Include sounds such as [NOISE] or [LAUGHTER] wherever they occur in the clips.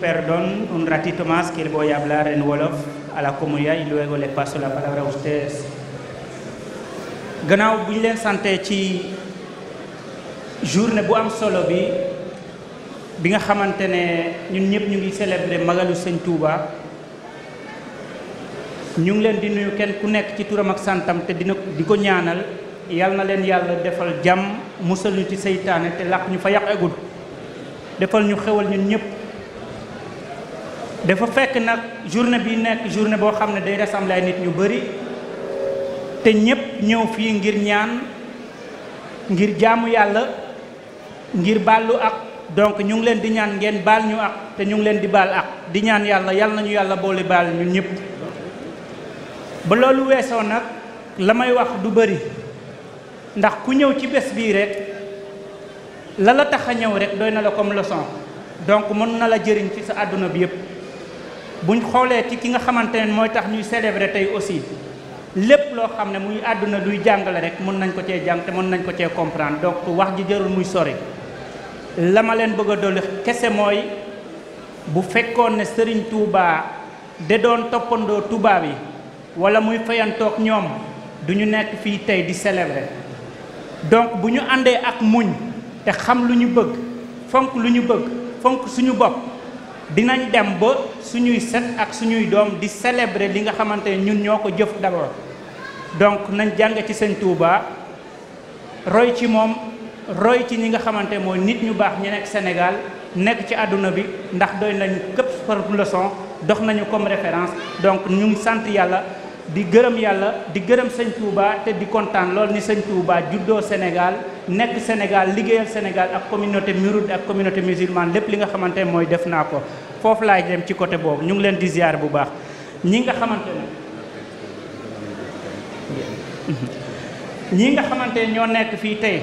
Perdón, un ratito más que voy a hablar en Wolof a la comunidad y luego le paso la palabra a ustedes. gannaaw bu ñu leen sante ci journée bu am solo bi bi nga xamante ne ñun ñëpp ñu ngi célébrer Magalu Sëñ Touba ñu ngi leen di nuyu kenn ku nekk ci turam ak santam te dina di ko ñaanal yal na leen yàlla defal jàmm musal ci seytaane te làq ñu fa yàq egul defal ñu xewal ñun ñëpp. dafa fekk nag journée bi nekk journée boo xam ne day rassembler ay nit ñu bari te ñépp ñëw fii ngir ñaan ngir jaamu yàlla ngir baalu ak donc ñu ngi leen di ñaan ngeen baal ñu ak te ñu ngi leen di baal ak di ñaan yàlla yàlla nañu yàlla boole baal ñun ñëpp ba loolu weesoo nag la may wax du bëri ndax ku ñëw ci bés bii rekk la la tax a ñëw rek doy na la comme leçon donc mën na la jëriñ ci sa àdduna bi yëpp bu buñ xoolee ci ki nga xamante ne mooy tax ñuy célébrer tey aussi lépp loo xam ne muy àdduna luy jàngale rek mën nañ ko cee jàng te mën nañ ko cee comprendre donc wax ji jarul muy sori la ma leen bëgg a dolli kese mooy bu fekkoon ne Serigne tuubaa de doon toppandoo tubaab yi wala muy fayantoog ñoom duñu nekk fii tey di célébrer donc bu ñu àndee ak muñ te xam lu ñu bëgg fonk lu ñu bëgg fonk suñu bopp. dinañu dem ba suñuy set ak suñuy doom di célébrer li nga xamante ne ñun ñoo ko jëf d'abord donc nañ jàng ci sëñ Touba roy ci moom roy ci ñi nga xamante mooy nit ñu baax ñu nekk Sénégal nekk ci àdduna bi ndax doy nañ këpp par leçon dox nañu comme référence donc ñu sant yàlla di gërëm yàlla di gërëm sañ Touba te di kontaan lool ni sëñ Touba juddoo Sénégal nekk Sénégal liggéeyal Sénégal ak communauté mouride ak communauté musulmane lépp li nga xamante ne mooy def naa ko foofu laay dem ci côté boobu ñu ngi leen di ziar bu baax ñii nga xamante ne ñi nga xamante ne ñoo nekk fii tey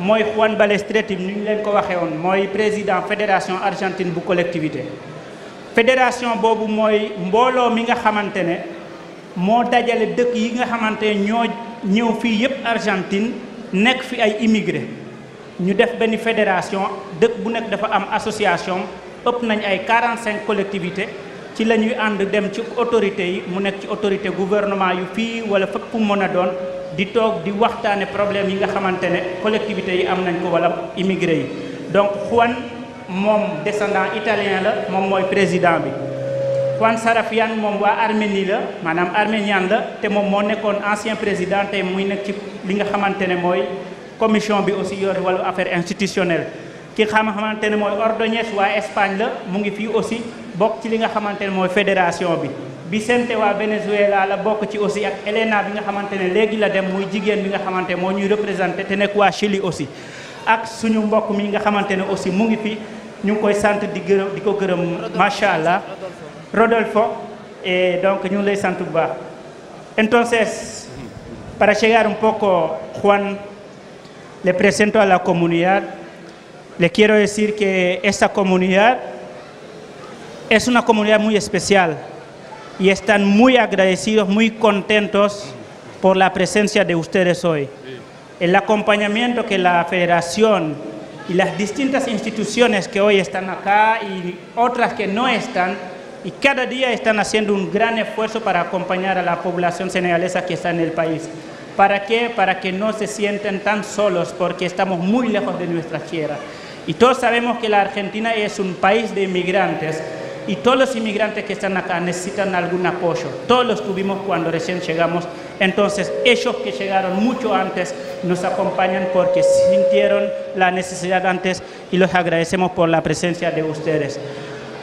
mooy Juan Balestretti ni ñu leen ko waxee woon mooy président fédération argentine bu collectivité fédération boobu mooy mbooloo mi nga xamante ne moo dajale dëkk yi nga xamante ñoo ñëw fii yëpp Argentine nekk fi ay immigré ñu def benn fédération dëkk bu nekk dafa am association ëpp nañ ay 45 collectivités ci la ñuy ànd dem ci autorités yi mu nekk ci autorité gouvernement yu fii wala fépp mën a doon di toog di waxtaane problème yi nga xamante ne collectivités yi am nañ ko wala immigré yi donc Juan moom descendant italien la moom mooy président bi Juan sarafyan moom waa Arménie la maanaam arménien la te moom moo nekkoon ancien président te muy nekk ci li nga xamante ne mooy commission bi aussi yor wàllu affaire institutionnelle ki xam xamante ne mooy Ordóñez waa Espagne la mu ngi fii aussi bokk ci li nga xamante ne mooy fédération bi bi Vicente waa Venezuela la bokk ci aussi ak Elena bi nga xamante ne léegi la dem muy jigéen bi nga xamante moo ñuy représenté te nekk waa Chili aussi ak suñu mbokk mi nga xamante ne aussi mu ngi fi ñu ngi koy sant di gërëm di ko gërëm macha allah Rodolfo e donc ñu sant bu baax entonces para llegar un poco Juan le presento a la comunidad le quiero decir que esta comunidad es una comunidad muy especial y están muy agradecidos, muy contentos por la presencia de ustedes hoy. El acompañamiento que la federación y las distintas instituciones que hoy están acá y otras que no están y cada día están haciendo un gran esfuerzo para acompañar a la población senegalesa que está en el país. ¿Para qué? Para no se sientan tan solos porque estamos muy lejos de nuestra tierra. Y todos sabemos que la Argentina es un país de inmigrantes y todos los inmigrantes que están acá necesitan algún apoyo. Todos los tuvimos cuando recién llegamos. Entonces, ellos que llegaron mucho antes nos acompañan porque sintieron la necesidad antes y los agradecemos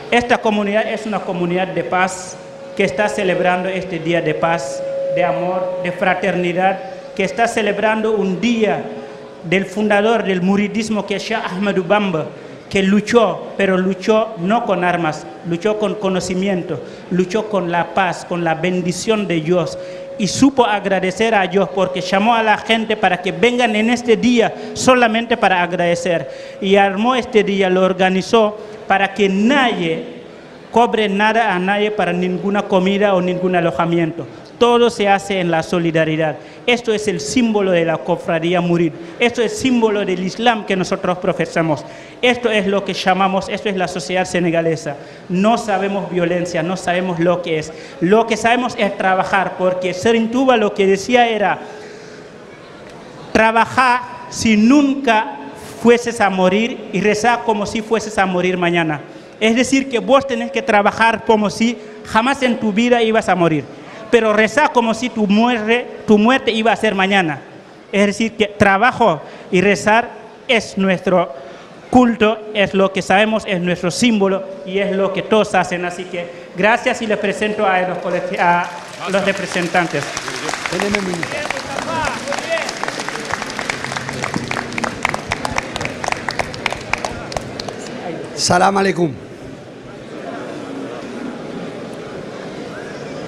Esta comunidad es una comunidad de paz que está celebrando este día de paz, de amor, de fraternidad, que está celebrando un día del fundador del muridismo que es Ahmadu Bamba, que luchó, pero luchó no con armas, luchó con conocimiento, luchó con la paz, con la bendición de Dios y supo agradecer a Dios porque llamó a la gente para que vengan en este día solamente para agradecer. Y armó este día, lo organizó para que nadie cobre nada a nadie para ninguna comida o ningún alojamiento. Todo se hace en la solidaridad. Esto es el símbolo de la cofradía Murid. Esto es símbolo del Islam que nosotros profesamos. Esto es lo que llamamos, esto es la sociedad senegalesa. No sabemos violencia, no sabemos lo que es. Lo que sabemos es trabajar, porque Serin Tuba lo que decía era, trabajar sin nunca fueses a morir y rezar como si fueses a morir mañana. Es decir, que vos tenés que trabajar como si jamás en tu vida ibas a morir, pero rezar como si tu, muerte, iba a ser mañana. Es decir, que trabajo y rezar es nuestro culto, es lo que sabemos, es nuestro símbolo y es lo que todos hacen. Así que gracias y les presento a los, a los representantes. salaamaaleykum.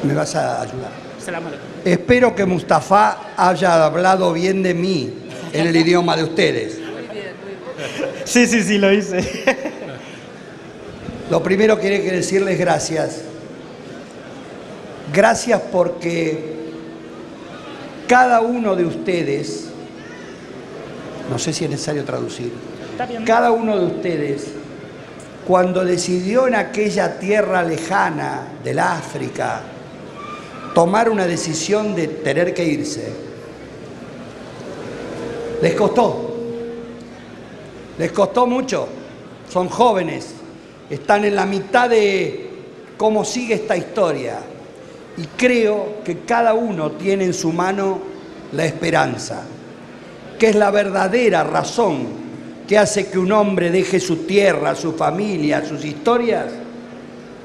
¿Me vas a Espero que Mustafa haya hablado bien de mí en el idioma de ustedes. Sí, sí, sí, lo primero que decirles gracias. Gracias porque cada uno de ustedes, no sé si es necesario traducir, cada uno de ustedes cuando decidió en aquella tierra lejana del África tomar una decisión de tener que irse. Les costó, les costó mucho, son jóvenes, están en la mitad de cómo sigue esta historia y creo que cada uno tiene en su mano la esperanza, que es la verdadera razón que hace que un hombre deje su tierra, su familia, sus historias,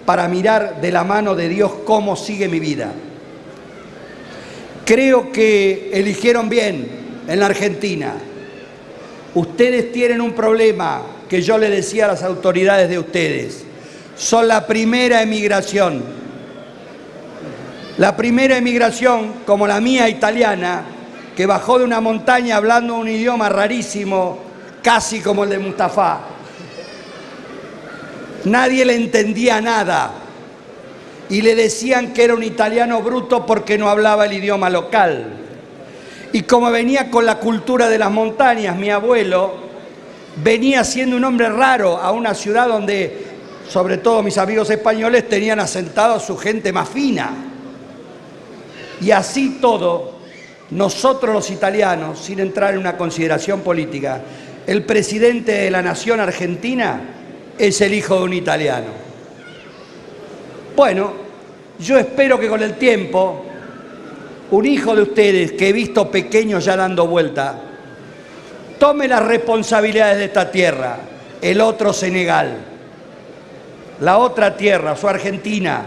para mirar de la mano de Dios cómo sigue mi vida. Creo que eligieron bien en la Argentina. Ustedes tienen un problema que yo le decía a las autoridades de ustedes. Son la primera emigración. La primera emigración, como la mía italiana, que bajó de una montaña hablando un idioma rarísimo, casi como el de Mustafa. Nadie le entendía nada y le decían que era un italiano bruto porque no hablaba el idioma local. Y como venía con la cultura de las montañas, mi abuelo venía siendo un hombre raro a una ciudad donde, sobre todo mis amigos españoles, tenían asentado a su gente más fina. Y así todo, nosotros los italianos, sin entrar en una consideración política, el presidente de la nación argentina es el hijo de un italiano. Bueno, yo espero que con el tiempo un hijo de ustedes que he visto pequeño ya dando vuelta, tome las responsabilidades de esta tierra, el otro Senegal, la otra tierra, su Argentina.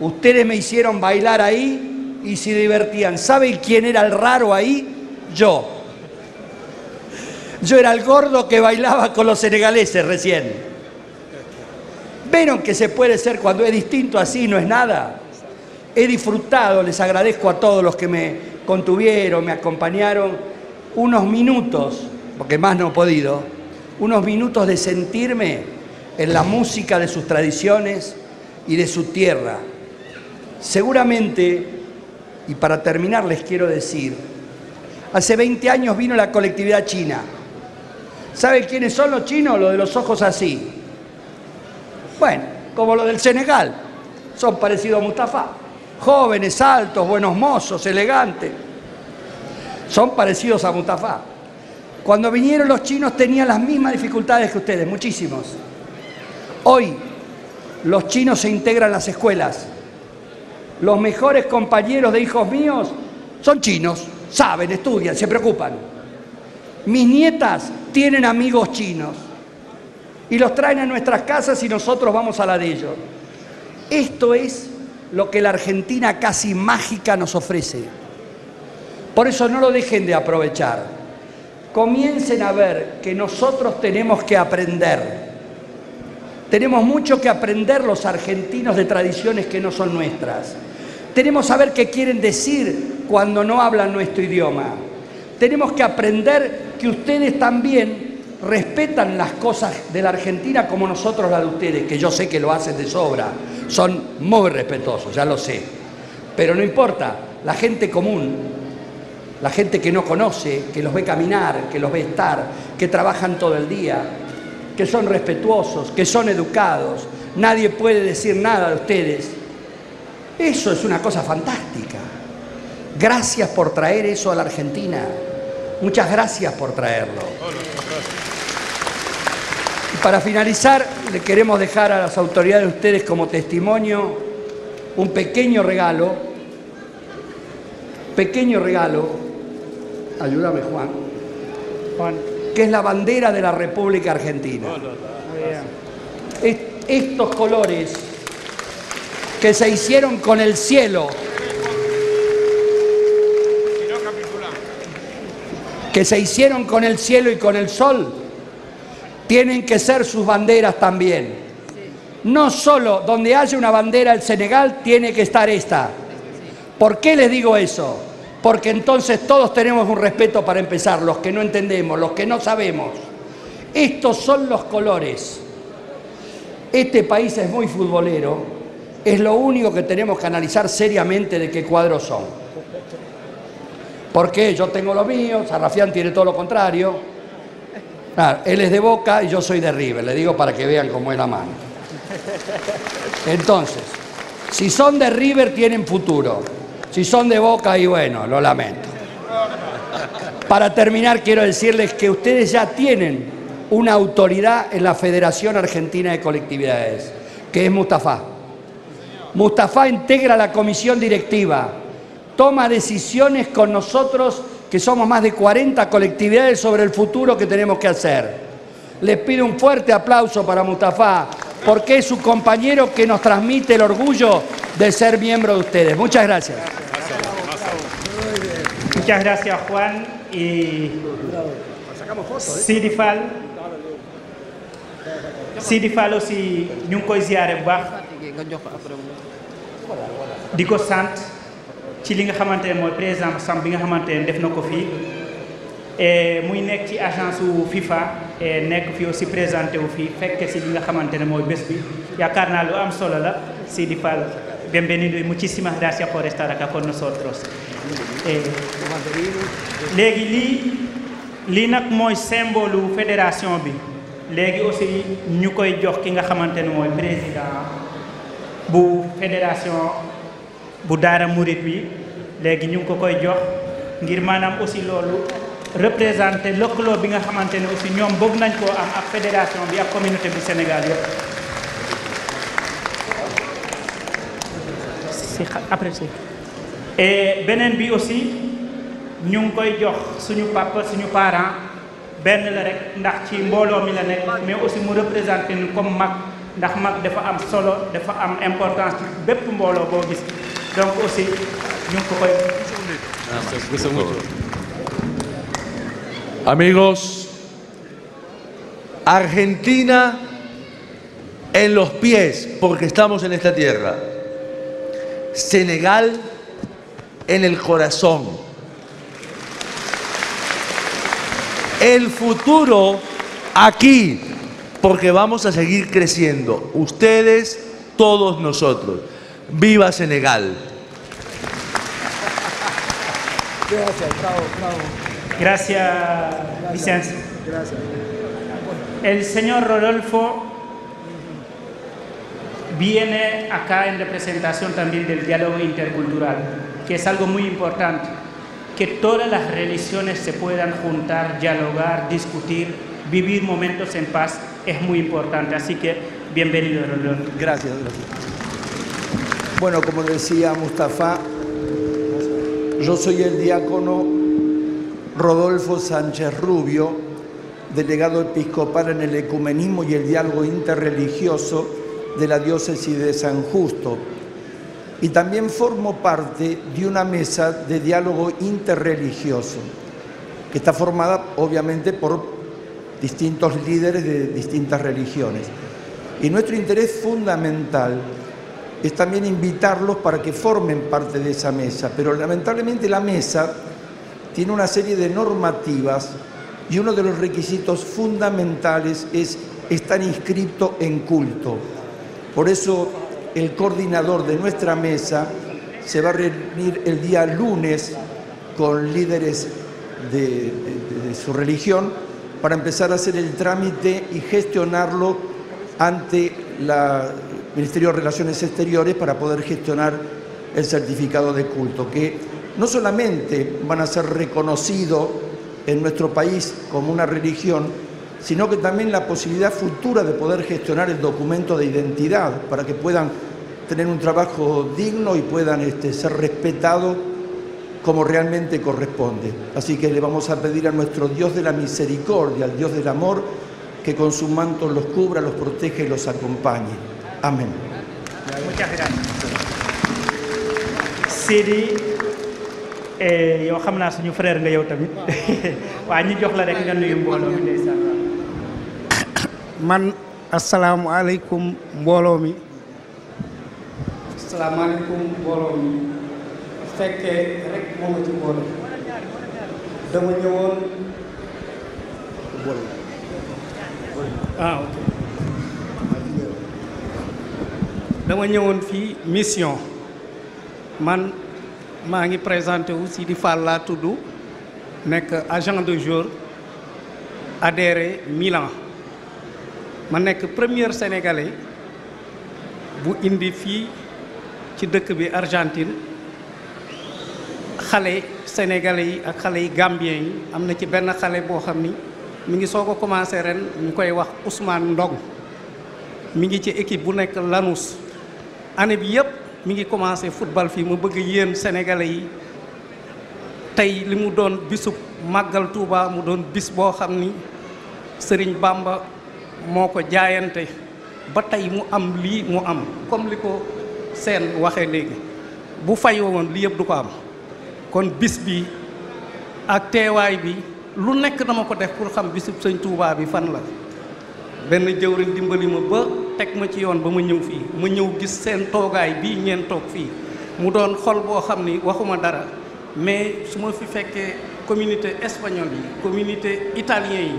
Ustedes me hicieron bailar ahí y se divertían. ¿Saben quién era el raro ahí? Yo. Yo era el gordo que bailaba con los senegaleses recién. ¿Vieron que se puede ser cuando es distinto así? No es nada. He disfrutado, les agradezco a todos los que me contuvieron, me acompañaron, unos minutos, porque más no he podido, unos minutos de sentirme en la música de sus tradiciones y de su tierra. Seguramente, y para terminar les quiero decir, hace 20 años vino la colectividad china. ¿Saben quiénes son los chinos? Los de los ojos así. Bueno, como los del Senegal. Son parecidos a Mustafa. Jóvenes, altos, buenos mozos, elegantes. Son parecidos a Mustafa. Cuando vinieron los chinos tenían las mismas dificultades que ustedes, muchísimos. Hoy los chinos se integran en las escuelas. Los mejores compañeros de hijos míos son chinos, saben, estudian, se preocupan. Mis nietas tienen amigos chinos y los traen a nuestras casas y nosotros vamos a la de ellos. Esto es lo que la Argentina casi mágica nos ofrece. Por eso no lo dejen de aprovechar. Comiencen a ver que nosotros tenemos que aprender. Tenemos mucho que aprender los argentinos de tradiciones que no son nuestras. Tenemos que saber qué quieren decir cuando no hablan nuestro idioma. tenemos que aprender que ustedes también respetan las cosas de la Argentina como nosotros las de ustedes, que yo sé que lo hacen de sobra. Son muy respetuosos, ya lo sé. Pero no importa, la gente común, la gente que no conoce, que los ve caminar, que los ve estar, que trabajan todo el día, que son respetuosos, que son educados, nadie puede decir nada de ustedes. Eso es una cosa fantástica. Gracias por traer eso a la Argentina. Muchas gracias por traerlo. Y para finalizar, le queremos dejar a las autoridades de ustedes como testimonio un pequeño regalo. Pequeño regalo. Ayúdame, Juan. Que es la bandera de la República Argentina. estos colores que se hicieron con el cielo que se hicieron con el cielo y con el sol, tienen que ser sus banderas también. No solo donde haya una bandera el Senegal, tiene que estar esta. ¿Por qué les digo eso? Porque entonces todos tenemos un respeto para empezar, los que no entendemos, los que no sabemos. Estos son los colores. Este país es muy futbolero, es lo único que tenemos que analizar seriamente de qué cuadros son. ¿Por qué? Yo tengo lo mío, Sarrafián tiene todo lo contrario. Ah, él es de Boca y yo soy de River, le digo para que vean cómo es la mano. Entonces, si son de River tienen futuro, si son de Boca y bueno, lo lamento. Para terminar quiero decirles que ustedes ya tienen una autoridad en la Federación Argentina de Colectividades, que es Mustafa. Mustafa integra la comisión directiva toma decisiones con nosotros, que somos más de 40 colectividades, sobre el futuro que tenemos que hacer. Les pido un fuerte aplauso para Mustafa, porque es su compañero que nos transmite el orgullo de ser miembro de ustedes. Muchas gracias. Muchas gracias, Juan. Y Sidifal. Sidifal aussi ñu ngi koy ziare bu baax. di ko sant. ci li nga xamante ne mooy président Samb bi nga xamante ne def na ko fii muy nekk ci agence wu FIFA nekk fi aussi présenté wu fii fekk si li nga xamante ne mooy bés bi yaakaar naa lu am solo la Sidi Fall benvenido y muchísimas gracias por estar acá con nosotros léegi lii lii nag mooy symbole fédération bi léegi aussi ñu koy jox ki nga xamante ne mooy président bu fédération bu daara murit bi léegi ñu ngi ko koy jox ngir maanaam aussi loolu représenté lëkkaloo bi nga xamante ne aussi ñoom bëgg nañ koo am ak fédération bi ak communauté bu Sénégal yëpp si après si et beneen bi aussi ñu ngi koy jox suñu papa suñu parent benn la rek ndax ci mbooloo mi la nekk mais aussi mu représenté ñu comme mag ndax mag dafa am solo dafa am importance ci bépp mbooloo boo gis donc aussi Amigos, Argentina en los pies, porque estamos en esta tierra. Senegal en el corazón. El futuro aquí, porque vamos a seguir creciendo, ustedes, todos nosotros. ¡Viva Senegal! Gracias, bravo, El señor Rodolfo viene acá en representación también del diálogo intercultural, que es algo muy importante, que todas las religiones se puedan juntar, dialogar, discutir, vivir momentos en paz, es muy importante. Así que bienvenido, Rodolfo. Bueno, como decía Mustafa, yo soy el diácono Rodolfo Sánchez Rubio, delegado episcopal en el ecumenismo y el diálogo interreligioso de la diócesis de San Justo. Y también formo parte de una mesa de diálogo interreligioso, que está formada obviamente por distintos líderes de distintas religiones. Y nuestro interés fundamental es también invitarlos para que formen parte de esa mesa. Pero lamentablemente la mesa tiene una serie de normativas y uno de los requisitos fundamentales es estar inscrito en culto. Por eso el coordinador de nuestra mesa se va a reunir el día lunes con líderes de, su religión para empezar a hacer el trámite y gestionarlo ante la Ministerio de Relaciones Exteriores para poder gestionar el certificado de culto, que no solamente van a ser reconocidos en nuestro país como una religión, sino que también la posibilidad futura de poder gestionar el documento de identidad para que puedan tener un trabajo digno y puedan ser respetados como realmente corresponde. Así que le vamos a pedir a nuestro Dios de la misericordia, al Dios del amor, que con su manto los cubra, los proteja y los amen Sidi eh, yow xam naa suñu frère nga yow tamit [LAUGHS] waa ñu jox la rek nga nuyu mbooloo mi ndeysaan man asalaamualeykum mbooloo mbooloo mi dama ñëwoon ah, dama ñëwoon fii mission man maa ngi présenté wu Sidi Fall laa tudd nekk agent de jour adhéré Milan ma nekk premier sénégalais bu indi fii ci dëkk bi Argentine xale sénégalais yi ak xale yi gambien yi am na ci benn xale boo xam ni mu ngi soo ko commencé ren ñu koy wax Ousmane Ndong mu ngi ci équipe bu nekk Lanús année bi yëpp mu ngi commencé football fii ma bëgg yéen senegale yi tey li mu doon bisub màggal tuuba mu doon bis boo xam ni sëriñ bàmba moo ko jaayante ba tey mu am lii mu am comme li ko seen waxe léegi bu fayoo woon li yëpp du ko am kon bis bi ak teewaay bi lu nekk dama ko def pour xam bisub sëñ Touba bi fan la benn jëwriñ dimbali ma ba teg ma ci yoon ba ma ñëw fii ma ñëw gis seen toogaay bii ngeen toog fii mu doon xol boo xam ni waxuma dara mais su ma fi fekkee communité espagnole yi communité italien yi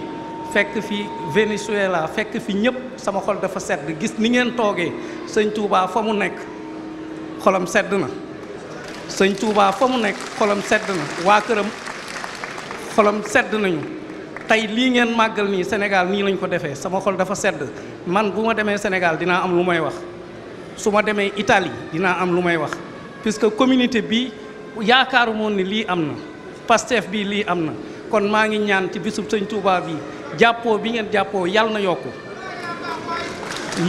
fekk fi Venezuela fekk fi ñëpp sama xol dafa sedd gis ni ngeen toogee sëñ Touba fa mu nekk xolam sedd na sëñ Touba fa mu nekk xolam sedd na waa këram xolam sedd nañu tey lii ngeen màggal nii Sénégal nii lañ ko defee sama xol dafa sedd man bu ma demee Sénégal dinaa am lu may wax su ma demee itali dinaa am lu may wax que communauté bi yaakaaru moon ni lii am na Pastef bii lii am na kon maa ngi ñaan ci bisub sëñ Touba bi jàppoo bi ngeen jàppoo yàlla na yokku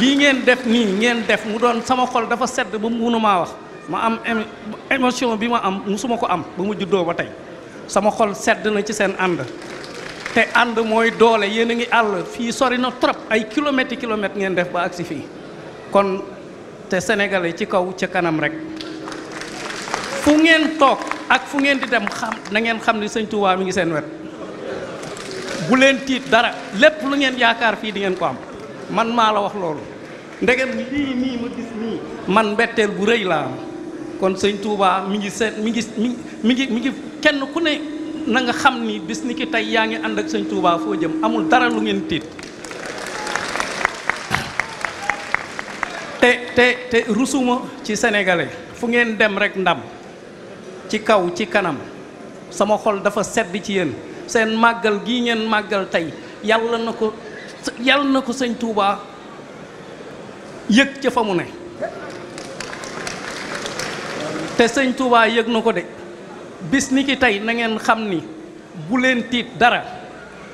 lii ngeen def nii ngeen def mu doon sama xol dafa sedd ba mu maa wax ma am émotion bi ma am musuma ko am ba mu juddoo ba tey sama xol sedd na ci seen ànd te ànd mooy doole yéen a ngi àll fii sori na trop ay kilomètres i kilomètres ngeen def ba agsi fii kon te sénégalais ci kaw ca kanam rek fu ngeen toog ak fu ngeen di dem xam na ngeen xam ni sëñ Touba mi ngi seen wet bu leen tiit dara lépp lu ngeen yaakaar fii di ngeen ko am man maa la wax loolu ndegem lii bu rëy laa am ngi seen ngi mi ngi kenn ku ne nanga xam ni bis ni ki tey yaa ngi ànd ak sëñ Touba foo jëm amul dara lu ngeen tiit te te te rusuma ci senegale fu ngeen dem rekk ndam ci kaw ci kanam sama xol dafa sedd ci yéen seen màggal gii ngeen màggal tey yàlla na ko yàlla na ko sëñ yëg ca fa mu ne te sëñ Touba yëg na ko de bis ni ki tey nangeen xam ni bu leen tiit dara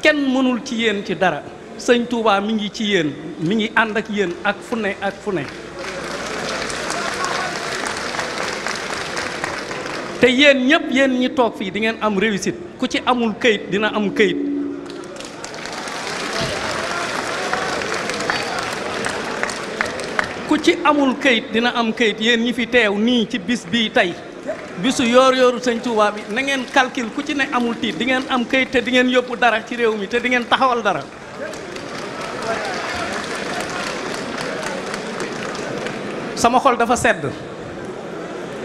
kenn mënul ci yéen ci dara sëñ Touba mi ngi ci yéen mi ngi ànd ak yéen ak fu ak fune te yéen ñëpp yéen ñi toog fii di ngeen am réussite ku ci amul këyit dina am këyit ku ci amul këyit dina am këyit yéen ñi fi teew nii ci bis bii tey bisu yoor yooru sëñ Touba bi na ngeen calcul ku ci ne amul tiit di ngeen am këyit te di ngeen yóbbu dara ci réew mi te di ngeen taxawal dara sama xol dafa sedd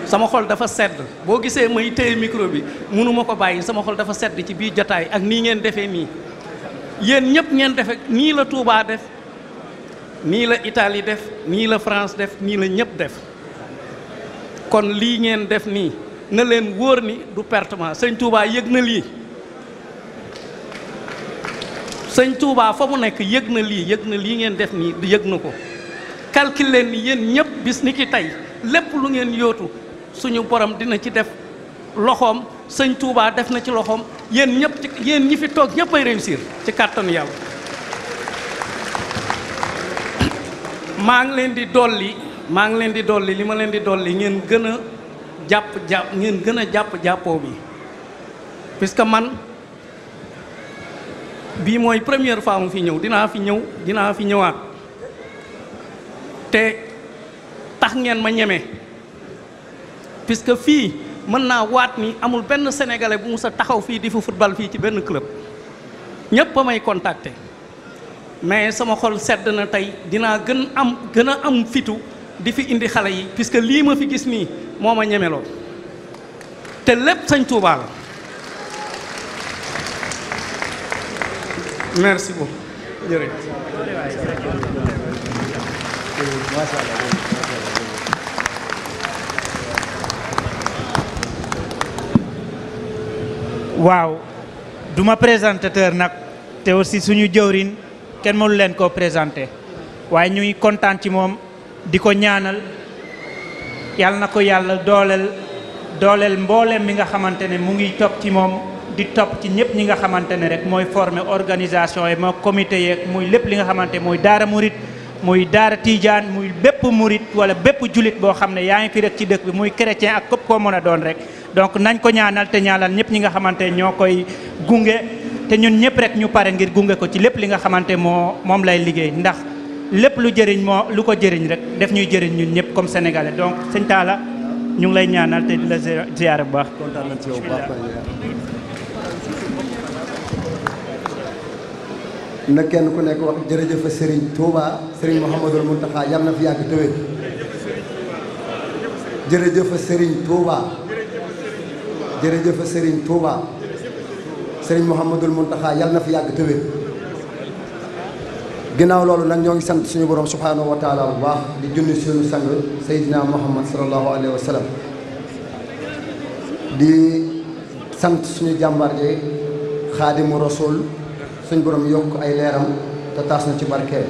sama xol dafa sedd boo gisee may téye micro bi mënuma ko bàyyi sama xol dafa sedd ci biir jataay ak nii ngeen defee nii yéen ñëpp ngeen defe nii la tuubaa def nii la Italie def nii la France def nii la ñëpp def kon lii ngeen def nii na leen wóor ni du pertement sëñ Touba yëg na lii sëñ Touba fa mu nekk yëg na lii yëg na lii ngeen def nii yëg na ko calcule leen ni yéen ñëpp bis ni ki tey lépp lu ngeen yootu suñu borom dina ci def loxoom sëñ Touba def na ci loxoom yéen ñëpp ci yéen ñi fi toog ñëpp ay ci kàttanu yàlla maa ngi leen di dolli maa ngi leen di dolli li ma leen di dolli ngeen gën a jàpp jàpp ngeen gën a jàpp jàppoo bi puisque man bii mooy première fois mu fi ñëw dinaa fi ñëw dinaa fi ñëwaat te tax ngeen ma ñeme puisque fii mën naa waat ni amul benn sénégalais bu mu sa taxaw fii di fa football fii ci benn club ñépp a may contacter mais sama xol sedd na tey dinaa gën am gën a am fitu di fi indi xale yi puisque lii ma fi gis nii moo ma ñemeloo te lépp sëñ Tuubaa merci beaucoup waaw duma présentateur nag te aussi suñu jëwriñ kenn mënu leen koo présenté waaye ñuy kontaan ci moom di ko ñaanal yàlla na ko yàlla dooleel dooleel mboolem mi nga xamante ne mu ngi topp ci moom di topp ci ñëpp ñi nga xamante ne rek mooy former organisation yi moo comité yeeg muy lépp li nga xamante mooy daara murit muy daara tiijaan muy bépp murit wala bépp julit boo xam ne yaa ngi fi rek ci dëkk bi muy chrétien ak képp koo mën a doon rek donc nañ ko ñaanal te ñaanal ñëpp ñi nga xamante ñoo koy gunge te ñun ñëpp rek ñu pare ngir gunge ko ci lépp li nga xamante moo moom lay liggéey ndax lépp lu jëriñ moo lu ko jëriñ rek def ñuy jëriñ ñun ñëpp comme sénégalais donc sëñ Talla ñu ngi lay ñaanal te di la ziyaare bu baax. kontaan ci yow bu baax na kenn ku nekk wax jërëjëf Serigne Touba Serigne Mouhamadul Mountakha yal yàgg jërëjëf Serigne Touba jërëjëf Serigne Touba Serigne Mouhamadul Mountakha yal na fi yàgg tëwee. ginnaaw loolu nag ñoo ngi sant suñu borom subhaanahu wa taala bu baax di junni suñu sang Seydina Muhammad sallallahu alayhi wa sallam di sant suñu jàmbaar ji xaadimu rasul suñu borom yokk ay leeram te taas na ci barkeel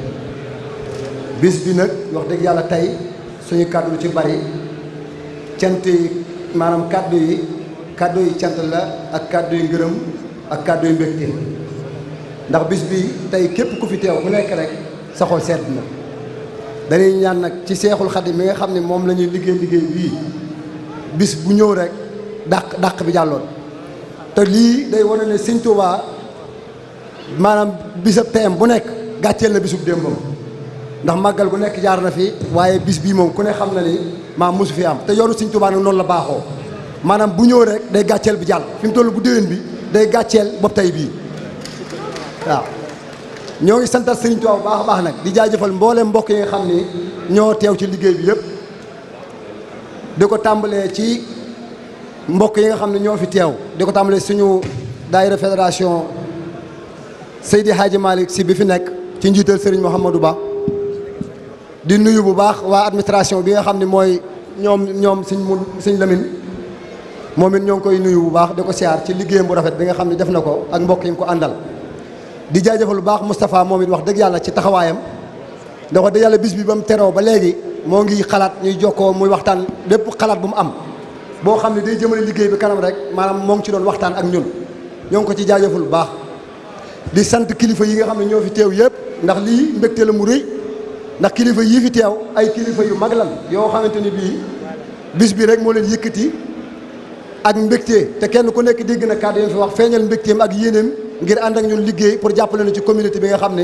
bis bi nag wax dëgg yàlla tey suñu kàddu ci bari cant yi maanaam kàddu yi kàddu yi cant la ak kàddu yi ngërëm ak kàddu yi mbégte ndax bis bi tey képp ku fi teew ku nekk rek sa xol sedd na dañuy ñaan nag ci seexul xadim mi nga xam ne moom lañuy liggéey liggéey bii bis bu ñëw rek daq dàq bi jàlloon te lii day wane ne sëñ Tuubaa maanaam bisab teyam bu nekk gàcceel na bisub démbam ndax màggal bu nekk jaar na fi waaye bis bii moom ku ne xam na ni maa musu fi am te yoonu sëñ Tuubaa nag noonu la baaxoo maanaam bu ñëw rek day gàcceel bi jàll fi mu toll bu déwén bi day gàcceel bopp tey bii waaw ñoo ngi santal Serigne Touba baax a baax nag di jaajëfal mboole mbokk yi nga xam ni ñoo teew ci liggéey yëpp di ko tàmbalee ci mbokk yi nga xam ne ñoo fi teew di ko tàmbalee suñu daayira fédération Seydi Hadji Malick si bi fi nekk ci njiital sëriñ Mouhamadou Ba di nuyu bu baax waa administration bi nga xam ne mooy ñoom ñoom sëñ mu sëñ Lamine moom it ñoo ngi koy nuyu bu baax di ko siyaar ci liggéeyam bu rafet bi nga xam ne def na ko ak mbokk yi ko àndal. di jaajëfal lu baax Moustapha moom it wax dëgg yàlla ci taxawaayam ndax da yàlla bis bi ba mu teroo ba léegi moo ngi xalaat ñuy jokkoo muy waxtaan lépp xalaat bu mu am boo xam ne day jëmale liggéey bi kanam rek maanaam moo ngi ci doon waxtaan ak ñun ñoo ngi ko ci jaajëfal lu baax di sant kilifa yi nga xam ne ñoo fi teew yëpp ndax lii mbégte la mu rëy ndax kilifa yii fi teew ay kilifa yu mag lan yoo xamante ni bii bis bi rek moo leen yëkkati ak mbégte te kenn ku nekk dégg na kàddu yi fi wax feeñal mbégteem ak yéeneem ngir ànd ak ñun liggéey pour jàppale ñu ci communauté bi nga xam ne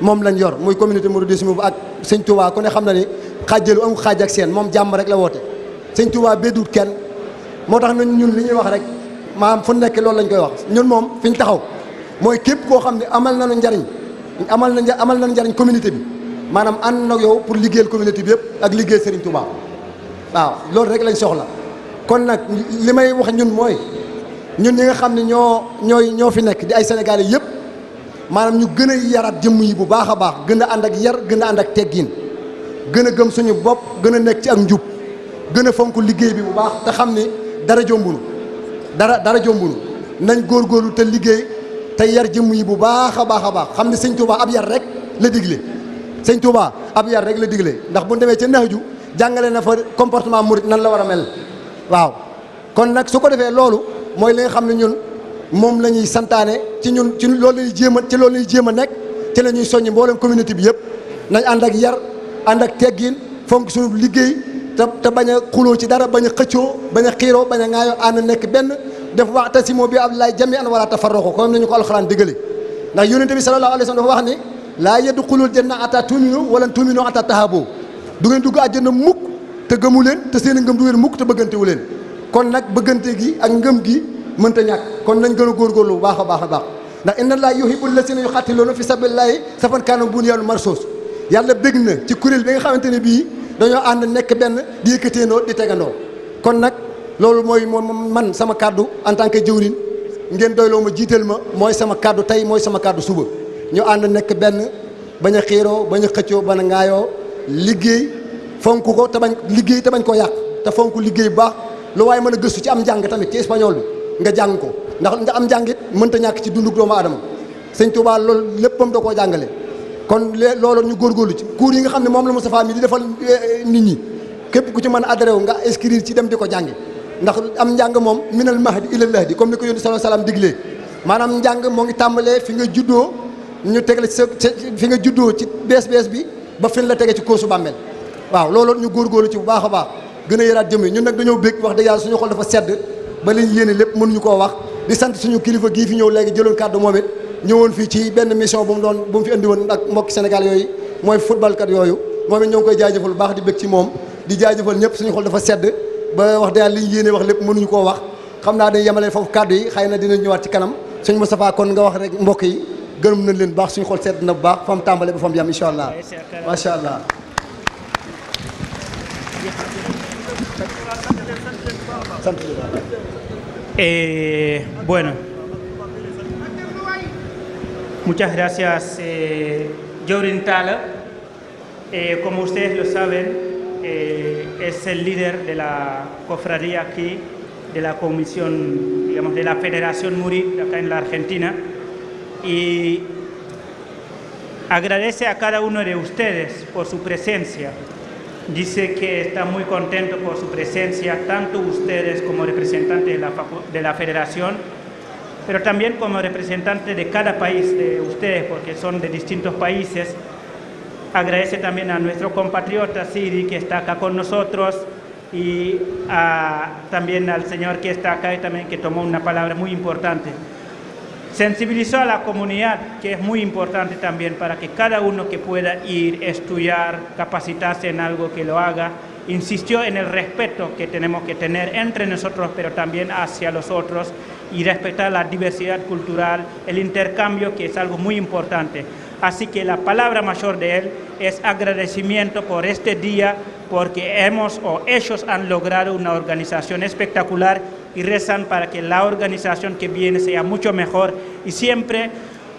moom lañ yor muy communauté mouridisme bu ak sëñ Touba ku ne xam na ne xàjjalu amul xaaj ak seen moom jàmm rek la woote sëñ bee bédduut kenn moo tax ñun ñun li ñuy wax rek maanaam fu nekkee loolu lañ koy wax ñun moom fi ñu taxaw mooy képp koo xam ne amal na nañu njariñ amal na amal nañu njariñ communauté bi maanaam ànd na yow pour liggéeyal communauté bi yëpp ak liggéey Serigne Touba waaw loolu rek lañ soxla kon nag li may wax ñun mooy ñun ñi nga xam ne ñoo ñooy ñoo fi nekk di ay sénégalais yëpp maanaam ñu gën a yaraat jëmm yi bu baax a baax gën a ànd ak yar gën a ànd ak teggiin gën a gëm suñu bopp gën a nekk ci ak njub gën a fonk liggéey bi bu baax te xam ni dara jombunu dara dara jombunu nañ góor góorlu te liggéey te yar jëmm yi bu baax a baax a baax xam ne sëñ Touba ab yar rek la digle sëñ Touba ab yar rek la digle ndax bu demee ca nax ju jàngale na fa comportement murit nañ la war a mel waaw mooy li xam ne ñun moom la ñuy santaane ci ñun ci lool lañuy jéem a ci loolu lañuy jéem a nekk ci la ñuy soññ mboolem communauté bi yëpp nañ ànd ak yar ànd ak teggin fonk suñu liggéey te te bañ a xuloo ci dara bañ a xëccoo bañ a xiiroo bañ a ŋaayoo ànd nekk benn def wa'tasimu bi hablillahi jami'an wala tafarraqu comme nañu ko alxuraan digale ndax yonente bi sallallahu alayhi wa sallam dafa wax ni laa yadxulul janna ata tuminu wala tuminu ata tahabu du ngeen dugg àjjana mukk te gëmu leen te seen ngëm du mukk te bëggantewu leen kon nag bëggante gi ak ngëm gi mënta ñàkk kon nañ gën a góorgóorlu bu baax a baax a baax ndax inna allaha yuhibbul lazina yuqatiluuna fi sabilillahi safan kaanu bunyaanun marsuus yàlla bég na ci kuréel bi nga xamante ne bii dañoo ànd nekk benn di yëkkateendoo di tegandoo kon nag loolu mooy moom man sama kàddu en tant que jëwriñ ngeen doyloo ma jiital ma mooy sama kàddu tey mooy sama kàddu suba ñu ànd nekk benn bañ a xiiroo bañ a xëccoo bañ a ŋaayoo liggéey fonk ko te bañ liggéey te bañ koo yàq liggéey bu baax lu waaye mën a gëstu ci am njàng tamit ci espagnol bi nga jàng ko ndax nga am njàng it mënta ñàkk ci dundu doomu aadama sëñ Touba loolu léppam da koo jàngale kon loolu ñu góorgóorlu ci cours yi nga xam ne moom la Moustapha mi di defal eh, nit ñi képp ku ci mën adhéré wu nga inscrire ci dem di ko jàngi ndax am njàng moom minal mahdi ilal lahdi comme ni ko yónni sallallahu alayhi wasallam maanaam njàng moo ngi tàmbalee fi nga juddoo ñu teg la ci sa fi nga juddoo ci bees bees bi ba fin la tege ci koosu bàmmeel waaw loolu ñu góorgóorlu ci bu baax a baax gën a yaraat jëm yi ñu nag dañoo bég wax dëgg yàlla suñu xol dafa sedd ba liñ yéene lépp mënuñu koo wax di sant suñu kilifa gii fi ñëw léegi jëloon kàddu moom it ñëwoon fii ci benn mission bu mu doon bu mu fi andi woon ak mbokki Sénégal yooyu mooy football yooyu moom it ñoo ngi koy baax di bég ci moom di jaajëfal ñëpp suñu xol dafa sedd wax dëgg yàlla liñ wax lépp mënuñu koo wax xam naa dañ yemale foofu kàddu yi xëy na dina ñëwaat ci kanam sëñ Moustapha kon nga wax rek mbokk yi gërëm na leen baax suñu xol sedd na bu baax fa mu tàmbale ba fa mu yam incha allah macha allah Eh, bueno, muchas gracias, eh, Jorin eh, como ustedes lo saben, eh, es el líder de la cofradía aquí, de la comisión, de la Federación Muri, acá en la Argentina. Y agradece a cada uno de ustedes por su presencia. dice que está muy contento por su presencia, tanto ustedes como representantes de la, de la federación, pero también como representantes de cada país de ustedes, porque son de distintos países. Agradece también a nuestro compatriota Siri, que está acá con nosotros, y a, también al señor que está acá y también que tomó una palabra muy importante. Sensibilizó a la comunidad, que es muy importante también para que cada uno que pueda ir, estudiar, capacitarse en algo que lo haga. Insistió en el respeto que tenemos que tener entre nosotros, pero también hacia los otros, y respetar la diversidad cultural, el intercambio, que es algo muy importante. Así que la palabra mayor de él es agradecimiento por este día, porque hemos o ellos han logrado una organización espectacular y rezan para que la organización que viene sea mucho mejor y siempre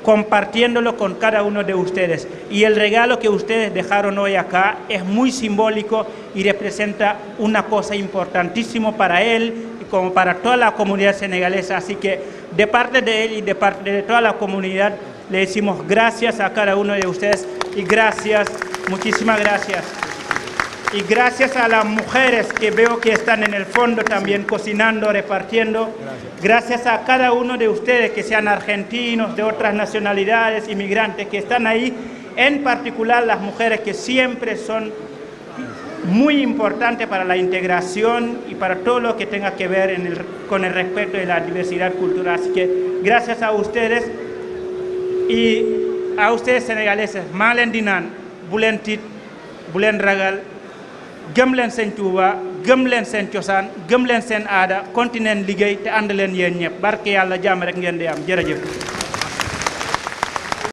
compartiéndolo con cada uno de ustedes. Y el regalo que ustedes dejaron hoy acá es muy simbólico y representa una cosa importantísima para él y como para toda la comunidad senegalesa. Así que de parte de toda la comunidad le decimos gracias a cada uno de ustedes y gracias, muchísimas gracias. y gracias a las mujeres que veo que están en el fondo también cocinando, repartiendo, gracias a cada uno de ustedes que sean argentinos, de otras nacionalidades, inmigrantes que están ahí, en particular las mujeres que siempre son muy importantes para la integración y para todo lo que tenga que ver con el respeto de la diversidad cultural. Así que gracias a ustedes y a ustedes senegaleses, Malen Dinan, Bulen Tit, Bulen Ragal, gëm leen seen Tuuba gëm leen seen cosaan gëm leen seen aada continent liggéey te ànd leen yéen ñëpp barke yàlla jàmm rek ngeen di am jërëjëf